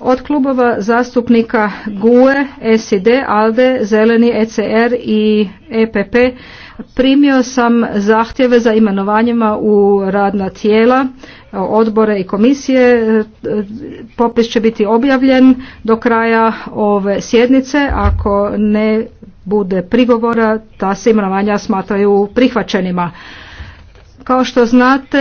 Od klubova zastupnika GUE, SID, ALDE, Zeleni, ECR i EPP primio sam zahtjeve za imenovanjima u radna tijela, odbore i komisije. Popis će biti objavljen do kraja ove sjednice. Ako ne bude prigovora, ta se imenovanja smatraju prihvaćenima. Kao što znate,